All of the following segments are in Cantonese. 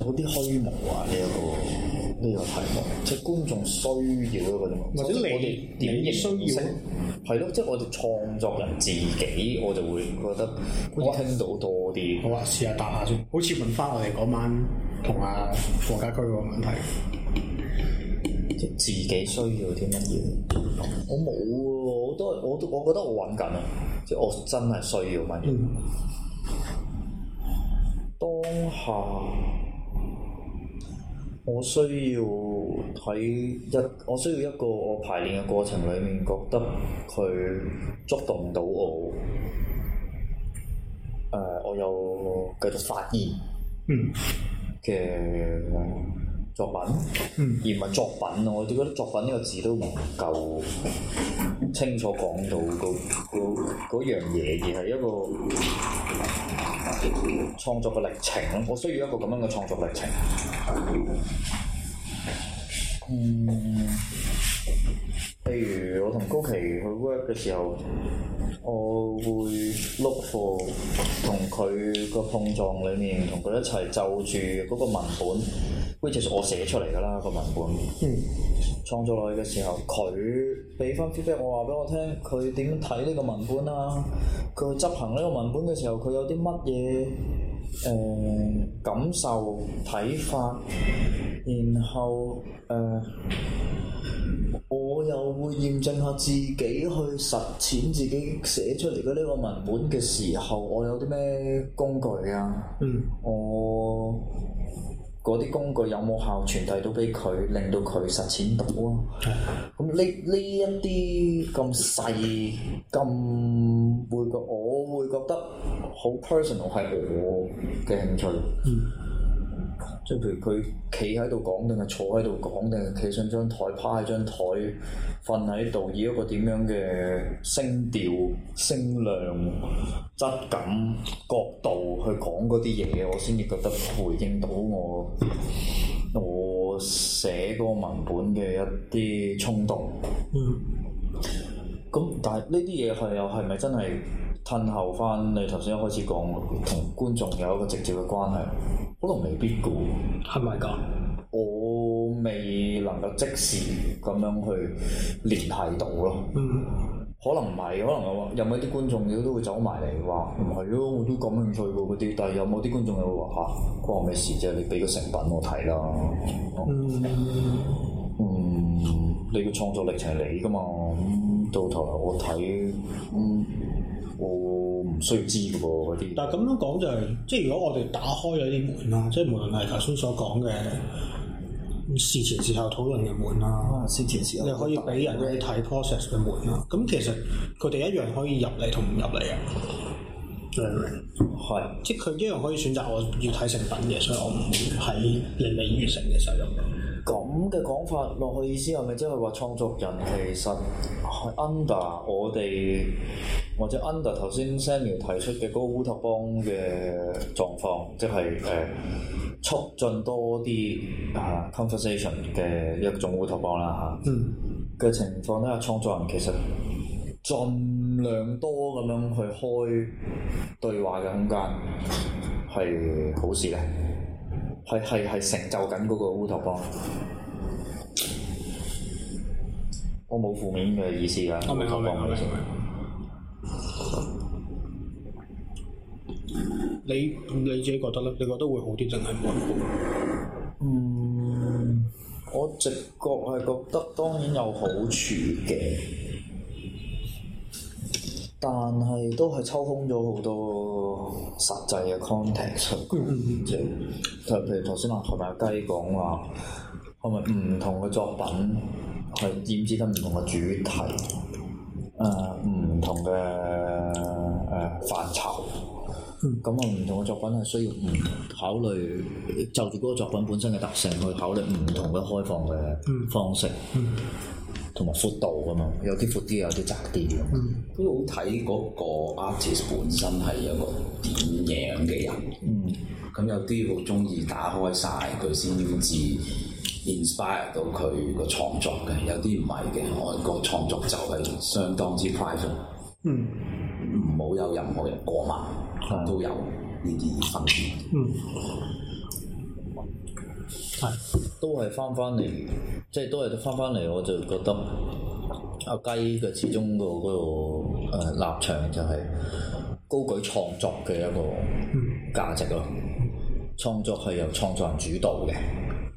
有啲虛無啊，呢個呢個題目，即係觀眾需要嗰種，或者我哋演藝需要係咯。即係我哋創作人自己，我就會覺得我，些我聽到多啲。好，我試下答下先，好似問翻我哋嗰晚同阿黃家駒個問題，即係自己需要啲乜嘢？我冇喎、啊，我都我都我覺得我揾緊啊，即係我真係需要乜嘢？嗯、當下。我需要喺一我需要一個我排練嘅過程裏面，覺得佢觸動到我。誒、呃，我有繼續發現嘅作品，嗯、而唔係作品咯。我覺得作品呢個字都唔夠清楚講到嗰嗰嗰樣嘢，而係一個。創作嘅歷程咯，我需要一個咁樣嘅創作歷程。嗯。譬如我同高奇去 work 嘅時候，我會 look for，同佢個碰撞裡面，同佢一齊就住嗰個文本，which is 我寫出嚟㗎啦個文本。那個、文本嗯。創作落去嘅時候，佢畀翻 feedback，我話畀我聽，佢點樣睇呢個文本啊？佢去執行呢個文本嘅時候，佢有啲乜嘢誒感受、睇法，然後誒。呃我又會驗證下自己去實踐自己寫出嚟嘅呢個文本嘅時候，我有啲咩工具啊？嗯，我嗰啲工具有冇效傳遞到俾佢，令到佢實踐到啊？咁呢呢一啲咁細咁會覺得，我會覺得好 personal 係我嘅興趣。嗯。即係譬如佢企喺度講，定係坐喺度講，定係企上張台趴喺張台瞓喺度，以一個點樣嘅聲調、聲量、質感、角度去講嗰啲嘢，我先至覺得回應到我我寫嗰個文本嘅一啲衝動。嗯。咁但係呢啲嘢係又係咪真係褪後返你頭先一開始講，同觀眾有一個直接嘅關係？可能未必嘅，係咪噶？我未能夠即時咁樣去聯繫到咯。嗯，可能唔係，可能有冇啲觀眾，都會走埋嚟話唔係咯，我都感興趣嘅嗰啲。但係有冇啲觀眾又話吓，關我咩事啫？你俾個成品我睇啦。嗯嗯。嗯，嗯，你嘅創作力就係你嘅嘛？到頭嚟我睇，我。唔需要知嘅噃，嗰啲。但係咁樣講就係、是，即係如果我哋打開咗啲門啦，即係無論係頭先所講嘅事前事後討論嘅門啦，事前事後你可以俾人去睇 process 嘅門啦。咁、嗯、其實佢哋一樣可以入嚟同唔入嚟啊。係咪、嗯？即係佢一樣可以選擇我要睇成品嘅，所以我唔會喺令你完成嘅時候入嚟。咁嘅講法落去，意思係咪即係話創作人其實 under 我哋或者 under 頭先 Samuel 提出嘅嗰個烏托邦嘅狀況，即係誒促進多啲嚇 conversation 嘅一種烏托邦啦嚇嘅情況咧，嗯、創作人其實盡量多咁樣去開對話嘅空間係好事咧。係，係，係成就緊嗰個烏托邦，我冇負面嘅意思㗎。烏托邦，我明，我明，你，你自己覺得咧？你覺得會好啲定係唔好？嗯，我直覺係覺得當然有好處嘅。但係都係抽空咗好多實際嘅 context，即係，就譬如頭先阿台大雞講話，係咪唔同嘅作品係點接得唔同嘅主題，誒、呃、唔同嘅誒範疇？呃咁啊，唔、嗯、同嘅作品係需要唔考慮就住嗰個作品本身嘅特性去考慮唔同嘅開放嘅方式，同埋闊度啊嘛。有啲闊啲，有啲窄啲咯。都好睇嗰個 artist 本身係一個點樣嘅人。咁、嗯嗯、有啲好中意打開晒。佢先至 inspire 到佢個創作嘅，有啲唔係嘅，我個創作就係相當之 private，唔好、嗯、有任何人過問。都有呢啲嘢發生。嗯、係都係翻翻嚟，即、就、係、是、都係翻翻嚟，我就覺得阿雞嘅始終、那個嗰、呃、立場就係高舉創作嘅一個價值咯，創、嗯、作係由創作人主導嘅，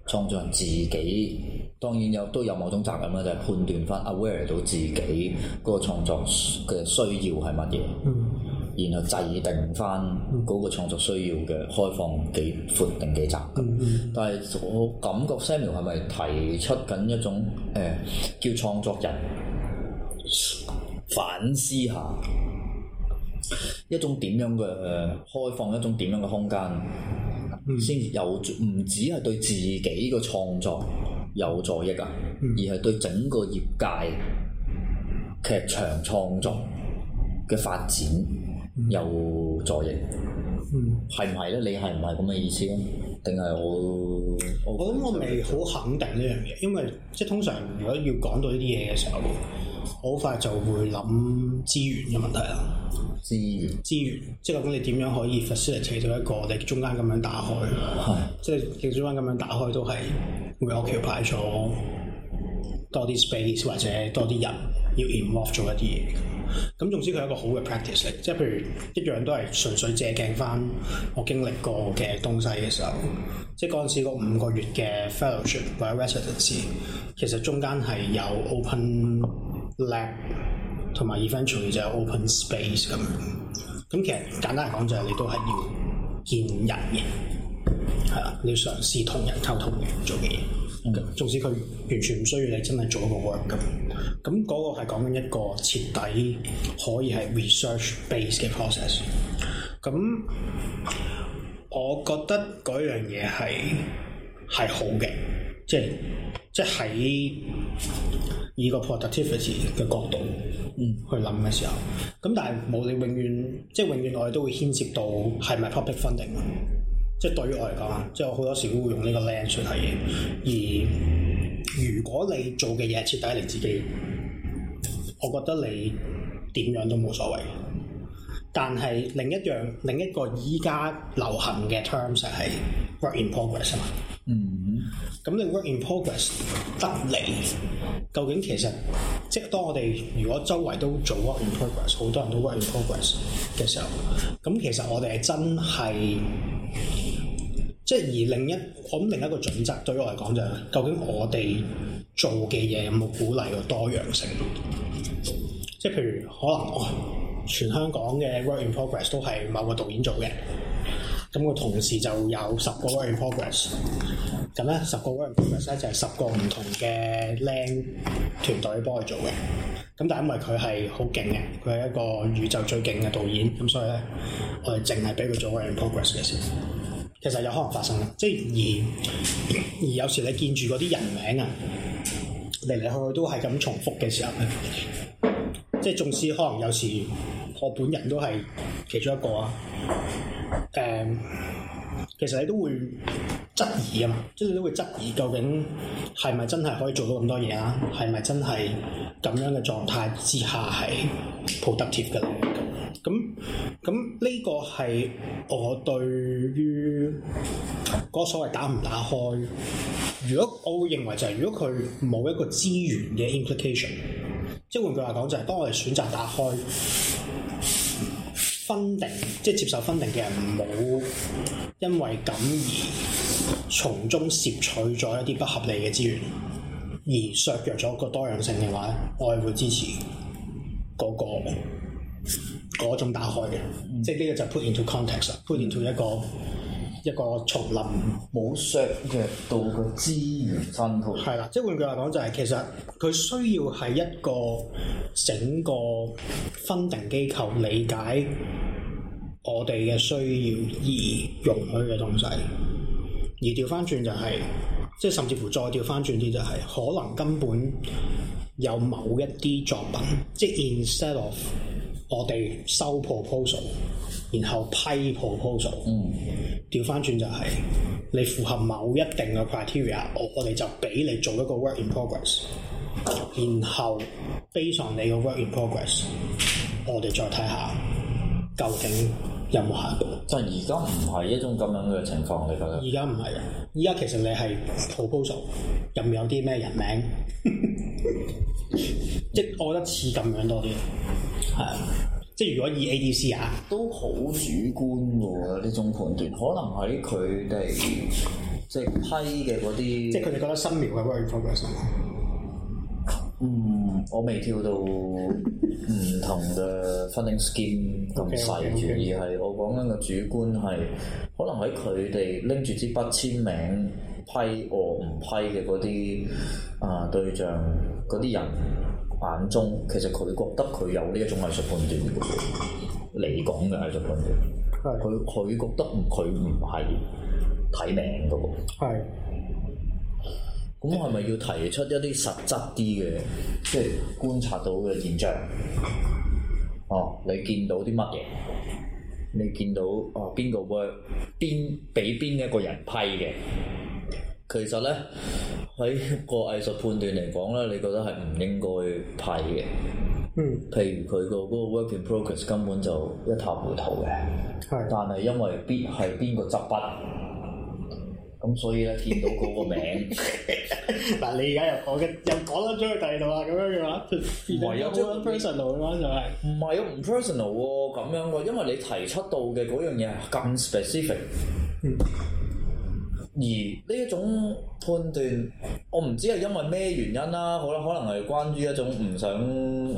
創作人自己當然有都有某種責任啦，就係、是、判斷翻 aware 到自己嗰個創作嘅需要係乜嘢。嗯然後制定翻嗰個創作需要嘅開放幾闊定幾窄。嘅， 但係我感覺 Samuel 係咪提出緊一種誒、哎、叫創作人反思下一種點樣嘅誒開放，一種點樣嘅、呃、空間先至有唔止係對自己嘅創作有助益啊， 而係對整個業界劇場創作嘅發展，有助益，係唔係咧？你係唔係咁嘅意思咧？定係我？我諗我未好肯定呢樣嘢，因為即係通常如果要講到呢啲嘢嘅時候，好快就會諗資源嘅問題啦。資源自，資源，即係咁，你點樣可以 facilitate 到一個你中間咁樣打開？係的，即係其中間咁樣打開都係會有 occupy 咗多啲 space 或者多啲人要 involve 咗一啲嘢。咁，總之佢係一個好嘅 practice 嚟，即係譬如一樣都係純粹借鏡翻我經歷過嘅東西嘅時候，即係嗰陣時嗰五個月嘅 fellowship 或者 residency，其實中間係有 open lab 同埋 eventual 就係 open space 咁。咁其實簡單嚟講就係你都係要見人嘅，係啊，你要嘗試同人溝通嘅做嘅嘢。縱使佢完全唔需要你真係做一個 work 咁，咁嗰個係講緊一個徹底可以係 research base 嘅 process。咁我覺得嗰樣嘢係係好嘅，即係即係喺以個 productivity 嘅角度去諗嘅時候，咁但係冇你永遠即永遠我哋都會牽涉到係咪 public funding。即係對於我嚟講啊，即係我好多時都會用呢個 language 去睇嘢。而如果你做嘅嘢徹底係你自己，我覺得你點樣都冇所謂。但係另一樣另一個依家流行嘅 terms 就係 work in progress 嘛。嗯。咁你 work in progress 得嚟？究竟其實，即係當我哋如果周圍都做 work in progress，好多人都 work in progress 嘅時候，咁其實我哋係真係，即係而另一，我諗另一個準則對於我嚟講就係、是，究竟我哋做嘅嘢有冇鼓勵個多樣性？即係譬如可能我，全香港嘅 work in progress 都係某個導演做嘅。咁佢同時就有十個 working progress。咁咧，十個 working progress 咧就係十個唔同嘅靚團隊幫佢做嘅。咁但係因為佢係好勁嘅，佢係一個宇宙最勁嘅導演，咁所以咧，我哋淨係俾佢做 working progress 嘅事。其實有可能發生啦。即係而而有時你見住嗰啲人名啊，嚟嚟去去都係咁重複嘅時候咧，即係縱使可能有時我本人都係其中一個啊。誒，um, 其實你都會質疑啊嘛，即係你都會質疑究竟係咪真係可以做到咁多嘢啊？係咪真係咁樣嘅狀態之下係 productive 嘅？咁咁呢個係我對於嗰所謂打唔打開，如果我會認為就係如果佢冇一個資源嘅 implication，即係換句話講就係、是、當我哋選擇打開？分定，即係接受分定嘅人，唔好因為咁而從中攝取咗一啲不合理嘅資源，而削弱咗個多樣性嘅話，我係會支持嗰、嗰個嗰種打開嘅，mm hmm. 即係呢個就 put into context，put into 一個。一個叢林冇削弱到嘅資源分配，係啦。即係換句話講、就是，就係其實佢需要係一個整個 funding 機構理解我哋嘅需要而容許嘅東西。而調翻轉就係、是，即係甚至乎再調翻轉啲就係、是，可能根本有某一啲作品，即係 instead of 我哋收 proposal。然後批 proposal，調翻轉就係、是、你符合某一定嘅 criteria，我我哋就俾你做一個 work in progress。然後 based on 你個 work in progress，我哋再睇下究竟有冇下一步。但係而家唔係一種咁樣嘅情況，你覺得？而家唔係啊！而家其實你係 proposal，入面有啲咩人名，即 我覺得似咁樣多啲，係啊。即係如果以 ADC 啊，都好主觀喎呢種判斷，可能喺佢哋即係批嘅嗰啲，即係佢哋覺得新苗係不如科比新苗。嗯， 我未跳到唔同嘅 funding scheme 咁細，okay, okay, 而係我講緊嘅主觀係，可能喺佢哋拎住支筆簽名批或唔批嘅嗰啲啊對象嗰啲人。眼中其實佢覺得佢有呢一種藝術判斷嚟講嘅藝術判斷，佢佢覺得佢唔係睇名噶噃。係。咁係咪要提出一啲實質啲嘅，即係觀察到嘅現象？哦，你見到啲乜嘢？你見到哦邊個 work 邊俾邊一個人批嘅？其實咧，喺個藝術判斷嚟講咧，你覺得係唔應該派嘅。嗯。譬如佢個嗰個 working progress 根本就一塌糊塗嘅。係的。但係因為邊係邊個執筆，咁所以咧填到嗰個名。嗱， 你而家又講嘅又講得出去第二度啦，咁樣嘅話。唔係有 personal 嘅嘛、啊？就係 personal、啊。唔係有唔 personal 咁樣嘅，因為你提出到嘅嗰樣嘢係咁 specific。 而呢一種判斷，我唔知係因為咩原因啦，好啦，可能係關於一種唔想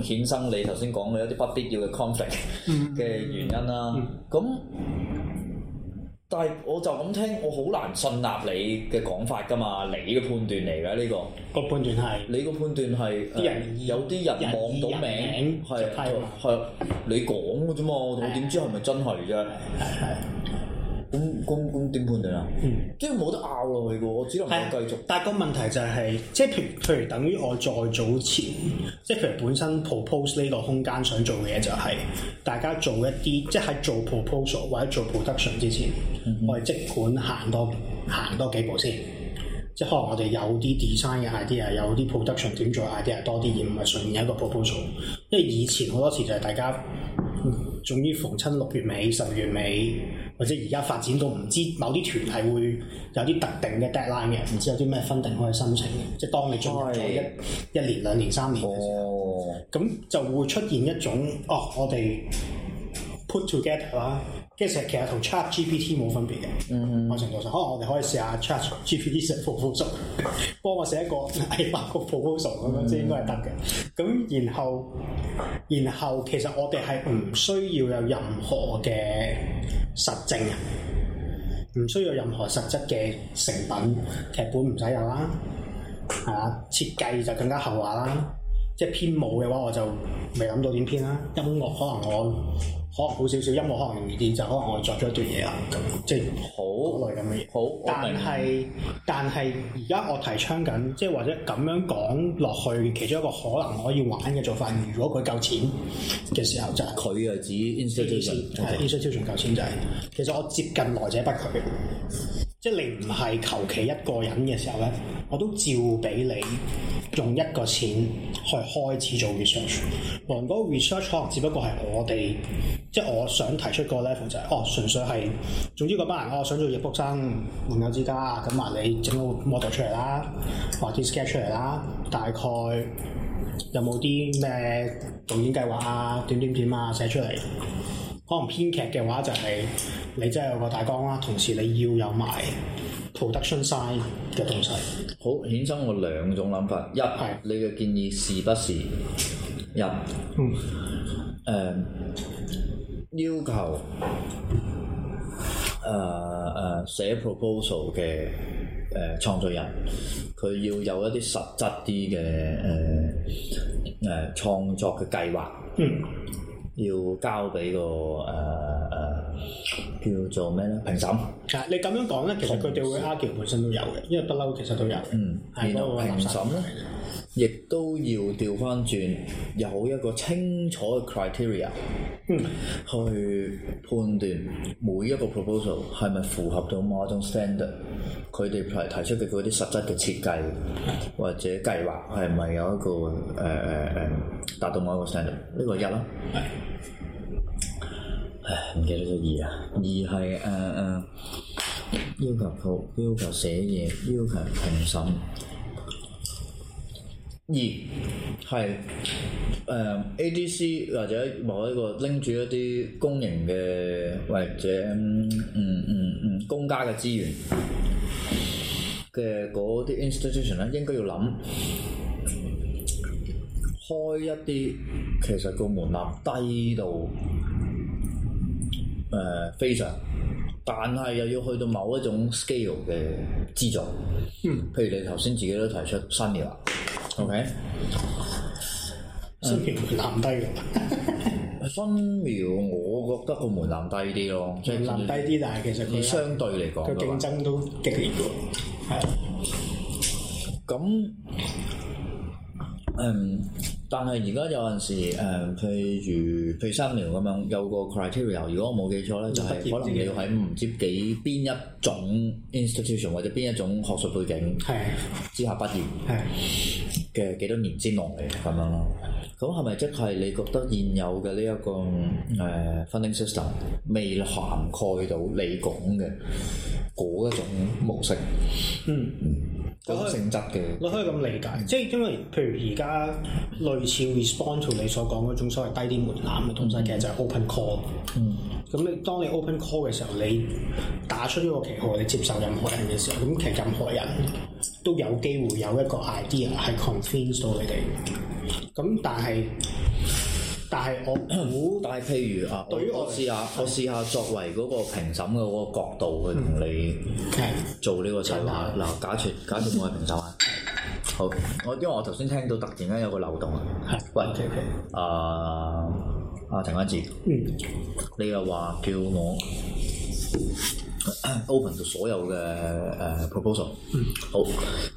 衍生你頭先講嘅一啲不必要嘅 conflict 嘅、嗯、原因啦。咁、嗯，但係我就咁聽，我好難信納你嘅講法噶嘛，你嘅判斷嚟嘅呢個。個判斷係。你個判斷係。啲人有啲人望到名係係你講㗎啫嘛，我點知係咪真係啫？咁咁咁點判你啊？嗯，根本冇得拗落去嘅，我只能夠繼續。但個問題就係、是，即係譬如譬如等於我再早前，嗯、即係譬如本身 propose 呢個空間想做嘅嘢、就是，就係大家做一啲，即係喺做 proposal 或者做 production 之前，嗯嗯我哋即管行多行多幾步先。即係可能我哋有啲 design 嘅 idea，有啲 production 做 a, 點做 idea 多啲而唔係順便一個 proposal。因為以前好多時就係大家。嗯終於逢親六月尾、十月尾，或者而家發展到唔知某啲團體會有啲特定嘅 deadline 嘅，唔知有啲咩 funding 可以申請嘅，即係當你中意咗一一年、兩年、三年嘅時候，咁就會出現一種哦，我哋 put together 啦。」跟住其實同 Chat GPT 冇分別嘅，某、嗯、哼程度上，可能我哋可以試下 Chat GPT 寫 proposal，幫我寫一個禮物嘅 proposal，咁即係應該係得嘅。咁、嗯、哼然後，然後其實我哋係唔需要有任何嘅實證，唔需要任何實質嘅成品，劇本唔使有啦，係啊，設計就更加後話啦。即係編舞嘅話，我就未諗到點編啦。音樂可能我。可能好少少，音樂可能容易啲，就可能我作咗一段嘢啊，咁、嗯、即係好耐咁嘅嘢。好，好但係是但係而家我提倡緊，即係或者咁樣講落去，其中一個可能可以玩嘅做法，嗯、如果佢夠錢嘅時候、就係，institution，就係佢啊指 institution，institution 夠錢、嗯、就係、是。其實我接近來者不拒，嗯、即係你唔係求其一個人嘅時候咧，我都照俾你。用一個錢去開始做 research，無論 research 可能只不過係我哋，即係我想提出個 level 就係、是，哦，純粹係，總之嗰班人，我、哦、想做易卜生，玩偶之家。啊、嗯，咁話你整個 model 出嚟啦，或者 sketch 出嚟啦，大概有冇啲咩導演計劃啊？點點點啊，寫出嚟。可能編劇嘅話就係、是，你真係有個大綱啦，同時你要有埋 production side 嘅東西。好衍生我兩種諗法，一你嘅建議是不是？一誒、嗯呃、要求誒誒、呃、寫、呃、proposal 嘅誒、呃、創作人，佢要有一啲實質啲嘅誒誒創作嘅計劃，嗯、要交俾個。誒、呃、誒。呃叫做咩咧？評審啊！你咁樣講咧，其實佢哋會 argue 本身都有嘅，因為不嬲，其實都有。嗯，然後評審咧，亦的都要調返轉，有一個清楚嘅 criteria，嗯、去判斷每一個 proposal 係咪符合到某一種 standard，佢哋提出嘅嗰啲實質嘅設計或者計劃係咪有一個誒誒誒達到某一個 standard？呢個一啦。係。唉，唔記得咗二啊。二係誒誒，uh, uh, 要求讀、要求寫嘢、要求評審。二係誒 A、uh, D、C 或者某一個拎住一啲公營嘅或者嗯嗯嗯，嗯公家嘅資源嘅嗰啲 institution 咧，應該要諗開一啲，其實個門檻低到～誒、呃、非常，但係又要去到某一種 scale 嘅資助，嗯、譬如你頭先自己都提出新苗，OK，新、嗯、苗門檻低嘅， 新苗我覺得個門檻低啲咯，門檻 以低啲，但係其實佢相對嚟講，佢競爭都激烈啲，係，咁，嗯。但係而家有陣時，誒、呃、譬如譬如三苗咁樣有個 criteria，如果我冇記錯咧，就係可能你要喺唔知幾邊一種 institution 或者邊一種學術背景之下畢業嘅幾多年之內嚟咁樣咯。咁係咪即係你覺得現有嘅呢一個誒 funding system 未涵蓋到你講嘅嗰一種模式？嗯。個性質嘅，你可以咁理解，嗯、即係因為譬如而家類似 respond to 你所講嗰種所謂低啲門檻嘅東西，其實、嗯、就係 open call。嗯，咁你當你 open call 嘅時候，你打出呢個旗號，你接受任何人嘅時候，咁其實任何人都有機會有一個 idea 係 convince 到你哋。咁、嗯、但係。但係我，但係譬如啊，對於我試下，我試下作為嗰個評審嘅嗰個角度去同你做呢個策劃。嗱，假設假設我係評審啊，好，我因為我頭先聽到突然間有個漏洞啊，係，喂，謝謝。啊，啊，停翻住。嗯。你又話叫我？open 到所有嘅誒、uh, proposal、嗯、好，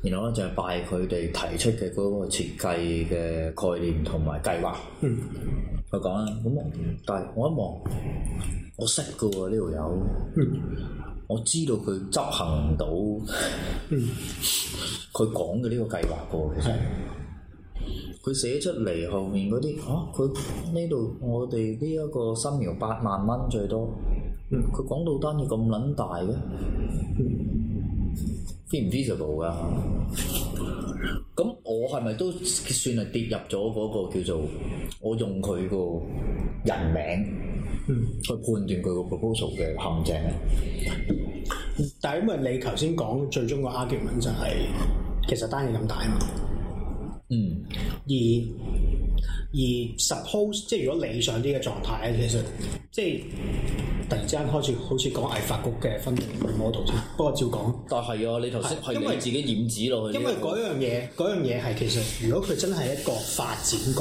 然後咧就係拜佢哋提出嘅嗰個設計嘅概念同埋計劃。佢講啦，咁、嗯、但係我一望，我識嘅喎，呢度有，嗯、我知道佢執行唔到、嗯，佢講嘅呢個計劃喎，其實佢寫出嚟後面嗰啲，啊佢呢度我哋呢一個新苗八萬蚊最多。嗯，佢講到單嘢咁撚大嘅，feasible 噶？咁 我係咪都算係跌入咗嗰個叫做我用佢個人名去判斷佢個 proposal 嘅陷阱咧？嗯、但係因為你頭先講最終個 argument 就係其實單嘢咁大啊嘛，嗯，而。而 suppose 即係如果理想啲嘅狀態，其實即係突然之間開始好似講藝發局嘅分裂 model 先，不過照講，但係啊，啊，你頭先因為自己染指落去因，因為嗰樣嘢，嗰樣嘢係其實如果佢真係一個發展局。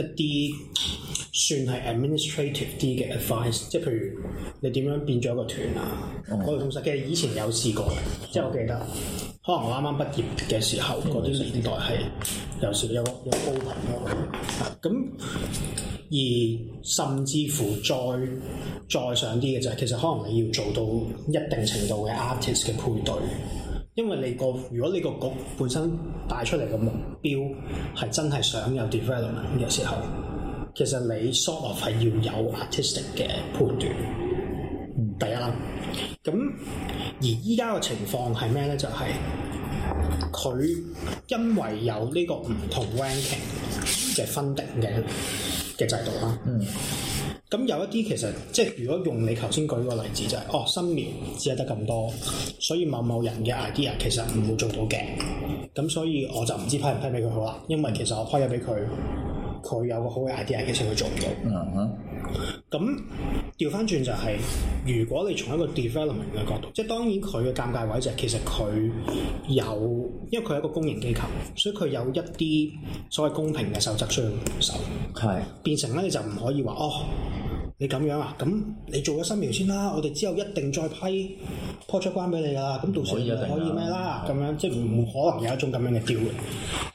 一啲算係 administrative 啲嘅 advice，即係譬如你點樣變咗個團啊？我哋同實嘅以前有試過嘅，即係我記得。可能我啱啱畢業嘅時候嗰啲年代係有時有有 open 咯咁、那個，而甚至乎再再上啲嘅就係、是、其實可能你要做到一定程度嘅 artist 嘅配對。因為你個如果你個局本身帶出嚟嘅目標係真係想有 develop 嘅時候，其實你 sort of 係要有 artistic 嘅判斷、嗯，第一。咁而依家嘅情況係咩咧？就係、是、佢因為有呢個唔同 ranking 嘅 funding 嘅嘅制度啦。嗯咁有一啲其實即係如果用你頭先舉個例子就係、是，哦，新苗只係得咁多，所以某某人嘅 idea 其實唔會做到嘅。咁所以我就唔知批唔批俾佢好啦，因為其實我批咗俾佢，佢有個好嘅 idea，其實佢做唔到。咁調翻轉就係、是，如果你從一個 development 嘅角度，即係當然佢嘅尷尬位就係、是、其實佢有，因為佢係一個公營機構，所以佢有一啲所謂公平嘅守則需要守。係、mm。Hmm. 變成咧，你就唔可以話哦。你咁樣啊？咁你做咗新苗先啦，我哋之後一定再批 port 出關俾你噶啦。咁到時可以咩啦？咁樣即係唔可能有一種咁樣嘅 d e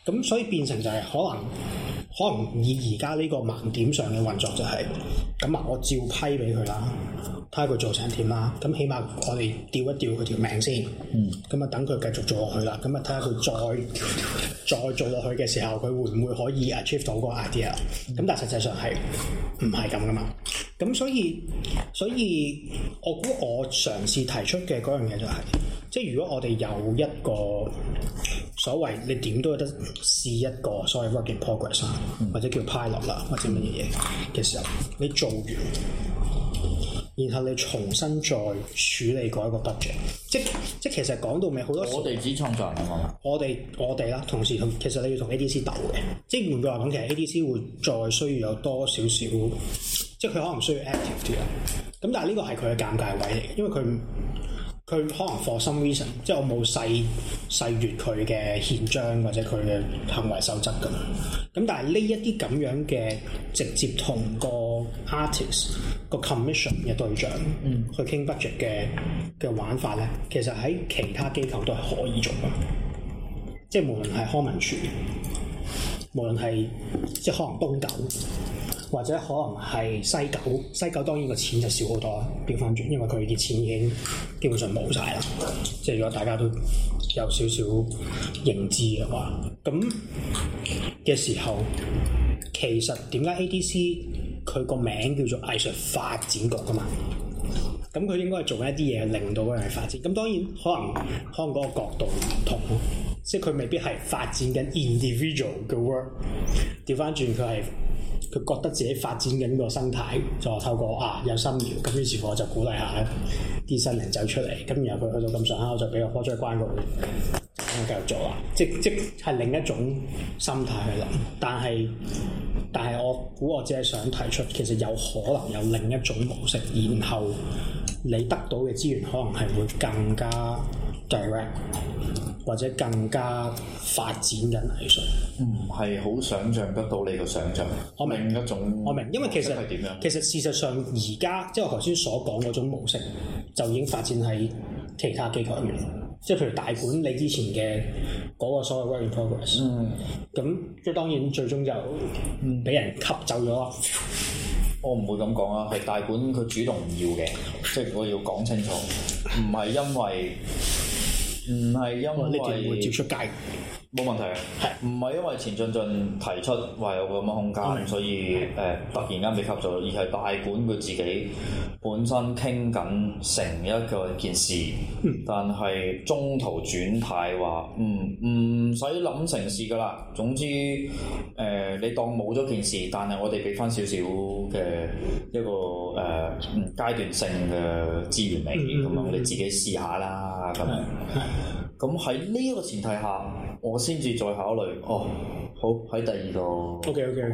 咁所以變成就係可能。可能以而家呢個盲點上嘅運作就係咁啊，我照批俾佢啦，睇下佢做成點啦。咁起碼我哋吊一吊佢條命先。咁啊，等佢繼續做落去啦。咁啊，睇下佢再再做落去嘅時候，佢會唔會可以 achieve 到嗰個 idea？咁但係實際上係唔係咁噶嘛？咁所以所以，所以我估我嘗試提出嘅嗰樣嘢就係。即係如果我哋有一個所謂，你點都有得試一個所謂 working progress 啊、嗯，或者叫 pilot 啦，或者乜嘢嘢嘅時候，你做完，然後你重新再處理過一個 budget，即即其實講到尾好多我我，我哋只創作我哋我哋啦，同時同其實你要同 ADC 鬥嘅，即換句話講，其實 ADC 會再需要有多少少，即係佢可能需要 active 啲啦。咁但係呢個係佢嘅尷尬位嚟，因為佢。佢可能 for some reason，即係我冇細細閱佢嘅憲章或者佢嘅行為守則㗎。咁但係呢一啲咁樣嘅直接同個 artist 個 commission 嘅對象去傾 budget 嘅嘅玩法咧，其實喺其他機構都係可以做嘅。即係無論係康文署，無論係即係可能東九。或者可能係西九，西九當然個錢就少好多，調翻轉，因為佢啲錢已經基本上冇晒啦。即係如果大家都有少少認知嘅話，咁嘅時候，其實點解 ADC 佢個名叫做藝術發展局啊嘛？咁佢應該係做一啲嘢，令到嗰樣嘢發展。咁當然可能可能香港個角度唔同，即係佢未必係發展緊 individual 嘅 work，調翻轉佢係。佢覺得自己發展緊個生態，就透過啊，有新苗，咁於是我就鼓勵下啲新人走出嚟，咁然後佢去到咁上下，就俾個 project 關佢，就唔繼續做啦。即即係另一種心態去諗，但係但係我估我只係想提出，其實有可能有另一種模式，然後你得到嘅資源可能係會更加。direct 或者更加發展緊藝術，唔係好想像得到你個想像。我明一種，我明，因為其實係點樣其實事實上而家即係我頭先所講嗰種模式，就已經發展喺其他機構入面。即係譬如大館你之前嘅嗰個所謂 working progress。嗯，咁即係當然最終就唔俾人吸走咗。我唔會咁講啊，係大館佢主動唔要嘅，即係我要講清楚，唔係因為。唔係，因為。因為冇問題，唔係因為前進進提出話有咁嘅空間，Yes. 所以誒、呃、突然間被吸咗，而係大管佢自己本身傾緊、mm. 嗯嗯、成、呃、一個件事，但係中途轉態話唔唔使諗成事噶啦，總之誒你當冇咗件事，但係我哋俾翻少少嘅一個誒階、呃、段性嘅資源你，咁、mm hmm. 樣你自己試下啦咁樣。Mm hmm. 咁喺呢一個前提下，我先至再考慮。哦，好喺第二度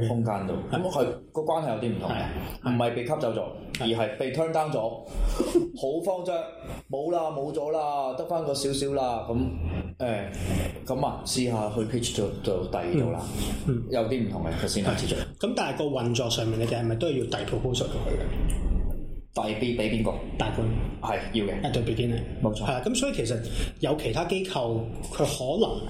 空間度，咁係個關係有啲唔同，唔係的被吸走咗，的而係被 turn down 咗，好慌張，冇啦，冇咗啦，得翻個少少啦。咁、嗯、誒，咁啊，試下去 pitch 到到第二度啦，嗯嗯、有啲唔同嘅，佢先開始做。咁但係個運作上面，你哋係咪都係要遞鋪鋪出咗去嘅？大 B 俾邊個？大半？係要嘅，一對比堅啊，冇錯。係啊，咁所以其實有其他機構，佢可能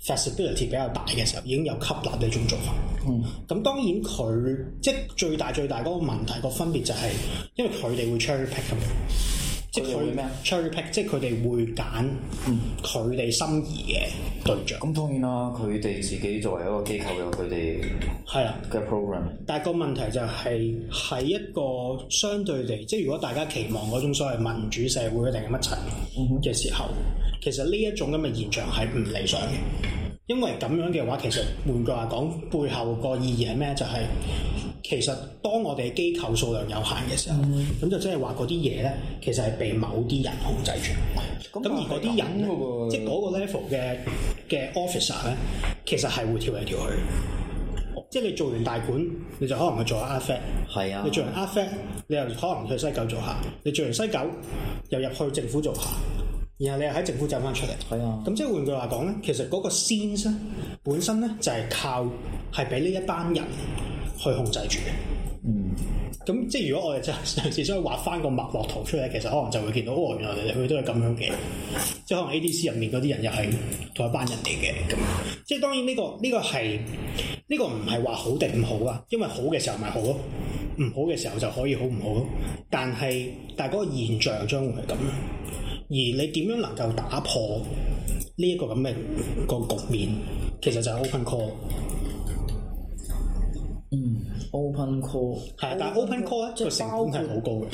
flexibility 比較大嘅時候，已經有吸納呢一種做法。嗯，咁當然佢即係最大最大嗰個問題個分別就係，因為佢哋會 cherry pick。咁。即佢咩啊 choose pick 即佢哋會揀佢哋心儀嘅對象。咁、嗯、當然啦，佢哋自己作為一個機構，有佢哋嘅 program。但個問題就係、是、喺一個相對地，即如果大家期望嗰種所謂民主社會定係乜柒嘅時候，嗯、哼其實呢一種咁嘅現象係唔理想嘅，因為咁樣嘅話，其實換句話講，背後個意義係咩？就係、是。其實，當我哋機構數量有限嘅時候，咁、嗯、就即係話嗰啲嘢咧，其實係被某啲人控制住。咁、嗯、而嗰啲人，嗯、即係嗰個 level 嘅嘅 officer 咧，其實係會跳嚟跳去。嗯、即係你做完大館，你就可能去做 effect。係啊，你做完 effect，你又可能去西九做下。你做完西九，又入去政府做下。然後你又喺政府走翻出嚟。係啊。咁即係換句話講咧，其實嗰個 scene 本身咧就係、是、靠係俾呢一班人，去控制住嘅，嗯，咁即係如果我哋真係上次想去畫翻個脈絡圖出嚟，其實可能就會見到，哦，原來你哋佢都係咁樣嘅，即係可能 ADC 入面嗰啲人又係同一班人嚟嘅，咁即係當然呢個呢個係呢個唔係話好定唔好啊，因為好嘅時候咪好咯，唔好嘅時候就可以好唔好咯，但係但係嗰個現象將會係咁，而你點樣能夠打破呢一個咁嘅個局面，其實就係 open call。嗯、um,，open call 係的，但係 open call 咧，即係成本係好高嘅。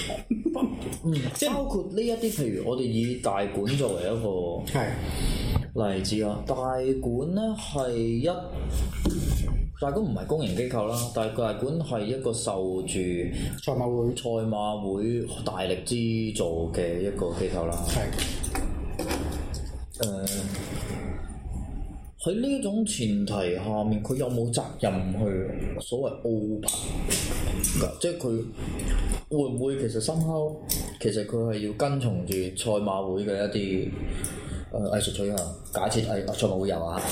嗯，即係包括呢一啲，譬如我哋以大館作為一個例子啊，的大館咧係一，大館唔係公營機構啦，但係大館係一個受住賽馬會賽馬會大力資助嘅一個機構啦。係的。誒、呃。喺呢種前提下面，佢有冇責任去所謂 open 㗎？即係佢會唔會其實 somehow，其實佢係要跟從住賽馬會嘅一啲誒、呃、藝術取向，啊？假設係啊、哎，賽馬會有啊，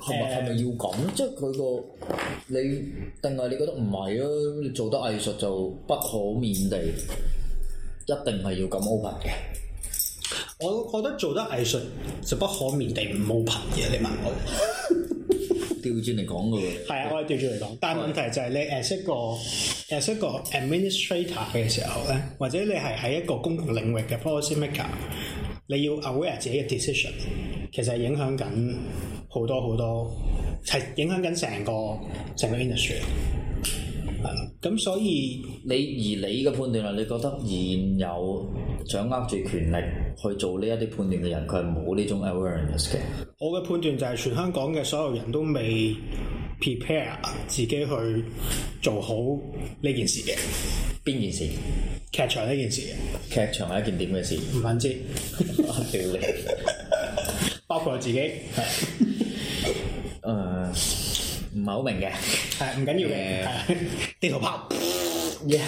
係咪係咪要咁？即係佢、那個嗰個你定係你覺得唔係啊？你做得藝術就不可免地一定係要咁 open 嘅。我覺得做得藝術就不可免地唔好憑嘢。你問我。調轉嚟講嘅喎，係啊， 我係調轉嚟講。但係問題就係你 as 一個 as 一個 administrator 嘅時候咧，或者你係喺一個公共領域嘅 policy maker，你要 aware 自己嘅 decision，其實係影響緊好多好多，係影響緊成個成個 industry。咁所以你而你嘅判斷啊，你覺得現有掌握住權力去做呢一啲判斷嘅人，佢係冇呢種 awareness 嘅。我嘅判斷就係全香港嘅所有人都未 prepare 自己去做好呢件事嘅。邊件事？劇場呢件事。劇場係一件點嘅事？唔緊要，包括自己。誒、 uh。唔、嗯、係好明嘅，係唔緊要嘅。地圖炮，Yeah.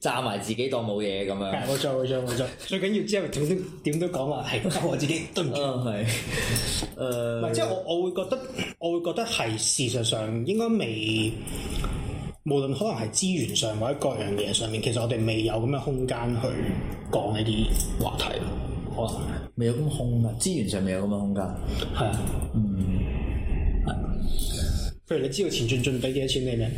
炸埋自己當冇嘢咁樣、嗯。冇錯，冇錯，冇錯。最緊要之後，總之點都講話係靠我自己。對唔住。啊，係。誒，唔即係我我會覺得，我會覺得係事實上應該未，無論可能係資源上或者各樣嘢上面，其實我哋未有咁嘅空間去講呢啲話題咯。哦、嗯，未有咁空啊？資源上面未有咁嘅空間。係啊，譬如你知道前進進俾幾多錢你咩？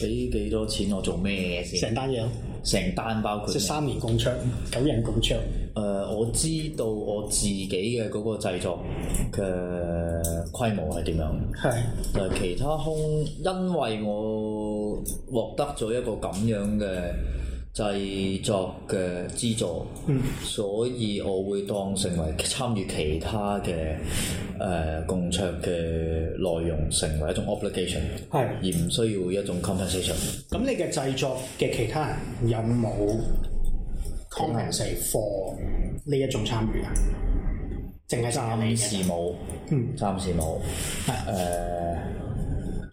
俾幾多錢我做咩先？成單嘢成單包括。即係三年共賬，九人共賬。誒、呃，我知道我自己嘅嗰個製作嘅規模係點樣。係的。誒，其他空，因為我獲得咗一個咁樣嘅。製作嘅資助，嗯、所以我會當成為參與其他嘅誒、呃、共唱嘅內容成為一種 obligation，是而唔需要一種 compensation。咁你嘅製作嘅其他人有冇 compensate for 呢一種參與啊？淨係暫時冇，嗯、暫時冇，誒的。呃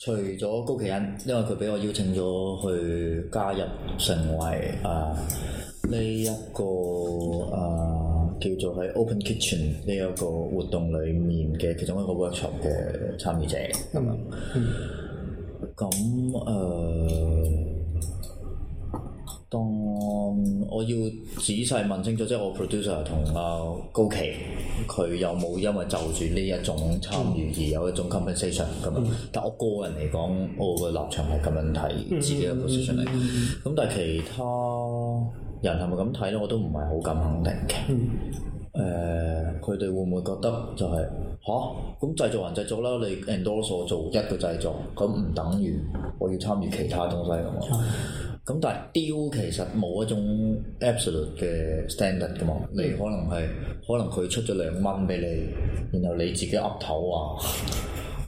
除咗高奇恩，因為佢俾我邀請咗去加入成為啊呢一個啊叫做喺 Open Kitchen 呢一個活動裏面嘅其中一個 workshop 嘅參與者咁樣咁誒當。嗯，我要仔細問清楚，即係我 producer 同啊高奇，佢有冇因為就住呢一種參與而有一種 conversation 咁啊？但我個人嚟講，我嘅立場係咁樣睇自己嘅 position 嚟，咁但係其他人係咪咁睇咧？我都唔係好敢肯定嘅。誒、呃，佢哋會唔會覺得就係、是、吓，咁、啊、製作還製作啦，你 endorse 做一個製作，咁唔等於我要參與其他東西嘅。咁但係丟其實冇一種 absolute 嘅 standard 㗎嘛，你可能係可能佢出咗兩蚊俾你，然後你自己噏頭啊。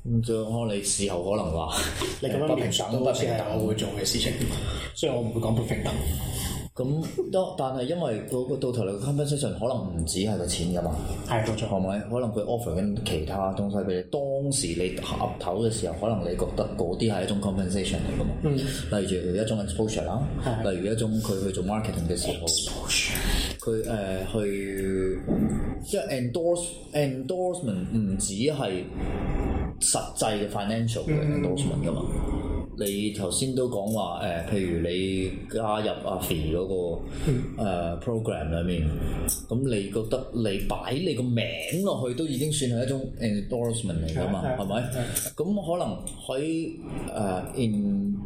咁 就可能你事後可能話，你咁樣不平等都係我會做嘅事情，雖然我唔會講不平等。 咁多，但係因為嗰個到頭嚟嘅 compensation 可能唔止係個錢噶嘛，係冇錯，係咪？可能佢 offer 緊其他東西俾你，當時你岌頭嘅時候，可能你覺得嗰啲係一種 compensation 嚟噶嘛？嗯，例如一種 exposure 啦，例如一種佢去做 marketing 嘅時候，exposure，佢誒去即係 endorse endorsement 唔止係實際嘅 financial 嘅 endorsement 噶嘛？你頭先都講話誒，譬如你加入阿 Phil 嗰個 program 裏面，咁、嗯、你覺得你擺你個名落去都已經算係一種 endorsement 嚟㗎嘛？係咪、啊？咁、啊嗯、可能喺誒、uh, in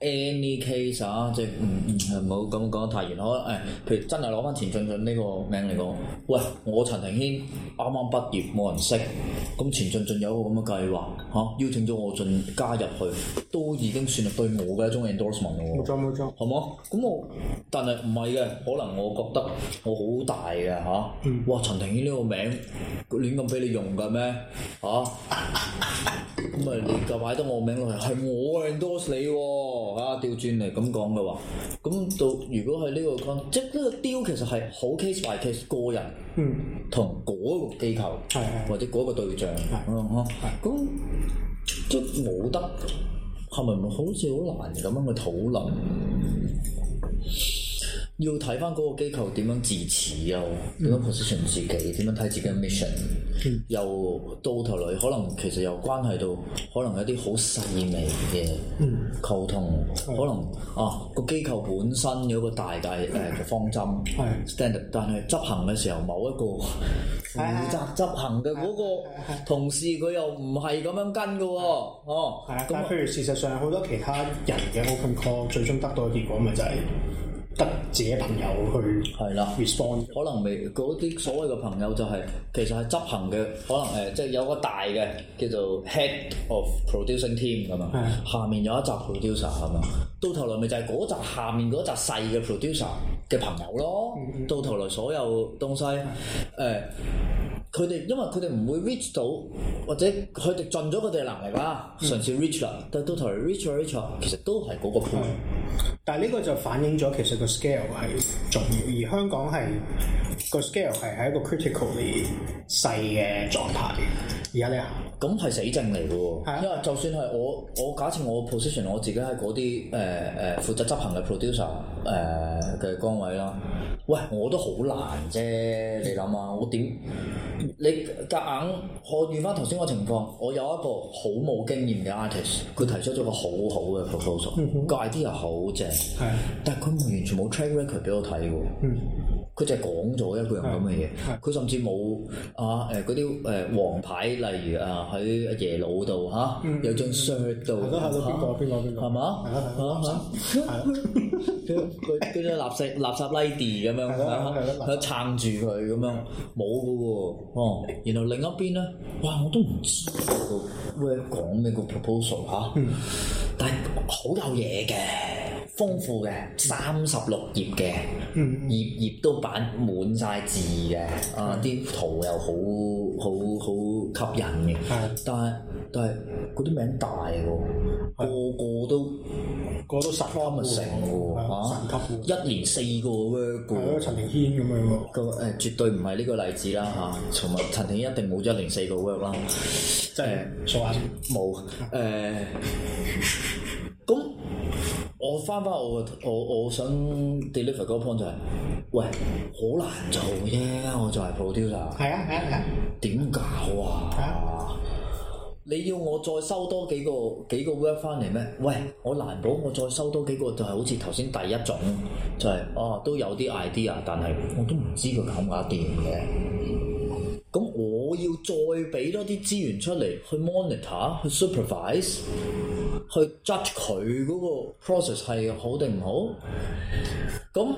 any case 啊，即係唔唔係冇咁講得太嚴苛誒，譬如真係攞翻前進進呢個名嚟講喂，我陳庭軒啱啱畢業冇人識，咁前進進有個咁嘅計劃吓邀請咗我進加入去都已已經算係對我嘅一種 endorsement 喎，冇錯冇錯，好冇。咁我，但係唔係嘅，可能我覺得我好大嘅吓？啊嗯、哇，陳婷呢個名亂咁俾你用嘅咩？吓、啊？咁咪 你就擺得我名落嚟，係我 endorse 你喎、啊。啊，調轉嚟咁講嘅話，咁到如果係呢、這個關，即係呢個 deal，其實係好 case by case 個人，嗯，同嗰個機構，係、哎哎、或者嗰個對象，係係、哎哎哎哎啊，咁都冇得。嗯係咪咪好似好難咁樣嘅討論？ 要睇翻嗰個機構點樣自持啊，點樣 position 自己，點樣睇自己嘅 mission，又到頭來可能其實又關係到可能有啲好細微嘅溝通，可能啊個機構本身有一個大大誒、呃、方針，係 standard，但係執行嘅時候某一個負責執行嘅嗰個同事佢又唔係咁樣跟嘅，哦，係啊，但譬如事實上好多其他人嘅 open call 最終得到嘅結果咪就係。得自己朋友去係啦，respond 可能未啲所謂嘅朋友就係、是、其實係執行嘅，可能誒、呃、即係有個大嘅叫做 head of producing team 咁啊，是的 下面有一集 producer 咁啊，到頭來咪就係集下面嗰集細嘅 producer 嘅朋友咯。嗯嗯，到頭來所有東西誒佢哋因為佢哋唔會 reach 到，或者佢哋盡咗佢哋嘅能力啦。嘗試 reach 啦，但、嗯、到頭嚟 reach reach 其實都係個 point。但係呢個就反映咗其實佢、那個。scale 係重要，而香港係個 scale 係喺一個 critically 細嘅狀態。而家你啊，咁係死症嚟嘅喎，係啊，因為就算係我，我假設我 position 我自己係啲誒誒負責執行嘅 producer 誒、呃、嘅崗位啦。喂，我都好難啫，你諗下、啊、我點你夾硬，硬？我轉翻頭先個情況，我有一個好冇經驗嘅 artist，佢提出咗個好好嘅 proposal，個 idea 好正、嗯哼，係，啊、但係佢完全。冇 track record 俾我睇喎，佢就係講咗一個人咁嘅嘢，佢甚至冇啊誒嗰啲誒黃牌，例如啊喺耶魯度嚇，有張 shirt 度嚇，邊個邊個邊個，係嘛？佢啊係叫垃圾垃圾 lady 咁樣嚇，撐住佢咁樣冇㗎喎，哦，然後另一邊咧，哇我都唔知喎，會講呢個 proposal 嚇，但係好有嘢嘅。豐富嘅，三十六頁嘅，嗯嗯頁頁都擺滿晒字嘅，啊啲圖又好好好吸引嘅的，但係但係嗰啲名大喎，的個個都個,個都十級嘅成喎嚇，一連四個 work 嘅，陳庭軒咁樣喎。咁誒絕對唔係呢個例子啦嚇，從、啊、來陳庭軒一定冇咗一連四個 work 啦，即係數下冇誒。 翻翻我我我想 deliver 嗰個 point 就係，喂，好難做嘅啫，我就係 producer 咋。係啊，係啊，點搞啊？你要我再收多幾個幾個 work 翻嚟咩？喂，我難保我再收多幾個就係好似頭先第一種，就係哦都有啲 idea，但係我都唔知佢搞唔搞掂嘅。咁我要再俾多啲資源出嚟去 monitor 去 supervise。去 judge 佢個 process 係好定唔好？咁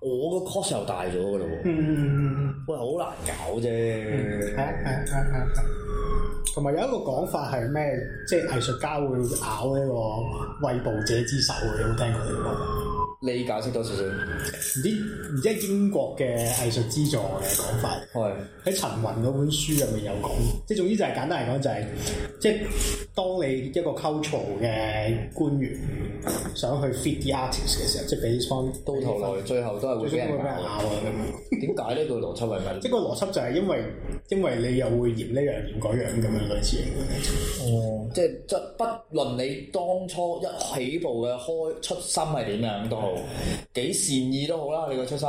我個 course 又大咗噶啦喎。嗯，喂，好難搞啫。係係係係。同、啊、埋、啊、有一個講法係咩？即係藝術家會咬呢個為暴者之手。你有冇聽過？你解釋多少少？唔知唔知英國嘅藝術資助嘅講法。係的，喺陳雲本書入面有講，即係總之就係簡單嚟講就係、是，即係當你一個溝通。嘅官員想去 fit 啲 artist 嘅時候，即係俾啲倉到頭來，最後都係會俾人鬧啊！咁點解呢 個邏輯係咪？即個邏輯就係因為。因為你又會嫌呢樣嫌嗰樣咁樣類似哦，即係即係，不論你當初一起步嘅開出心係點樣都好，幾的善意都好啦，你個出心，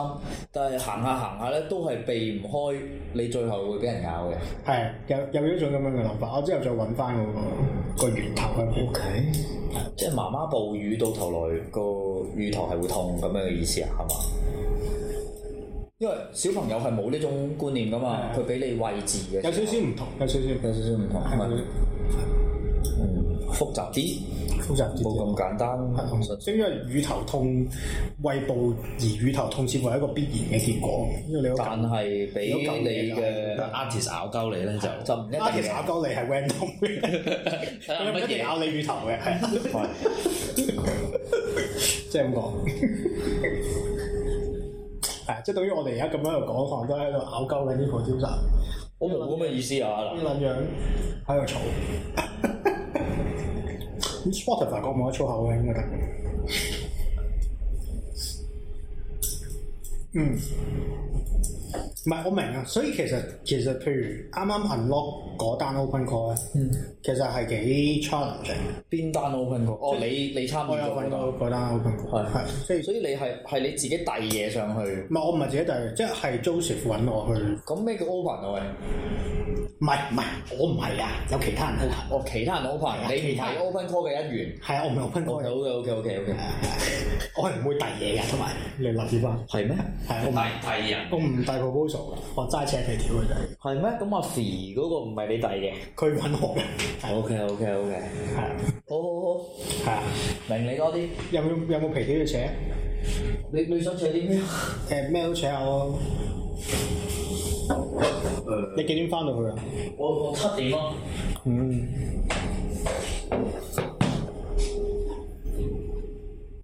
但係行下行下咧，都係避唔開你最後會俾人咬嘅。係有有一種咁樣嘅諗法，我之後再揾翻、嗰個、嗯、個源頭啦。O Okay K，即係媽媽暴雨到頭來，個魚頭係會痛咁樣嘅意思啊，係嘛？因為小朋友係冇呢種觀念噶嘛，佢俾你位置嘅，有少少唔同，有少少，有少少唔同，係咪？嗯，複雜啲，複雜啲，冇咁簡單，係咪？即因為乳頭痛胃部而乳頭痛，先會係一個必然嘅結果。因為你好，但係俾你嘅 artist 咬鳩你咧，就就唔一定。artist 咬鳩你係胃痛嘅，有乜嘢咬你乳頭嘅？係，即係咁講。係，即係對於我哋而家咁樣喺度講，可能都喺度拗交緊呢個招集。我冇咁嘅意思啊，嗱，咁樣喺度嘈。咁 Spotify 講冇得粗口嘅，應該得。嗯。嗯嗯。唔係我明啊，所以其實其實譬如啱啱 unlock 嗰單 open call 咧，其實係幾 challenge 嘅。邊單 open call？哦，你你參與咗。我有揾到嗰單 open call。係係，所以所以你係係你自己遞嘢上去。唔係我唔係自己遞，即係 Joseph 揾我去。咁咩叫 open call？唔係唔係，我唔係啊，有其他人喺度。我其他人 open。你係 open call 嘅一員。係啊，我唔係 open call。OK，OK，OK，OK。我係唔會遞嘢嘅，同埋你立意啊？係咩？係我遞第二日，我唔遞。個包傻噶，我齋請皮條嘅仔。係咩？ 咁阿 p 嗰個唔係你遞嘅，佢揾我嘅。O K O K O K，係。好好好。係啊，明你多啲。有冇有冇皮條要請？你你想請啲咩？誒，咩都請下我。誒，你幾點翻到去啊？我我七點咯。嗯。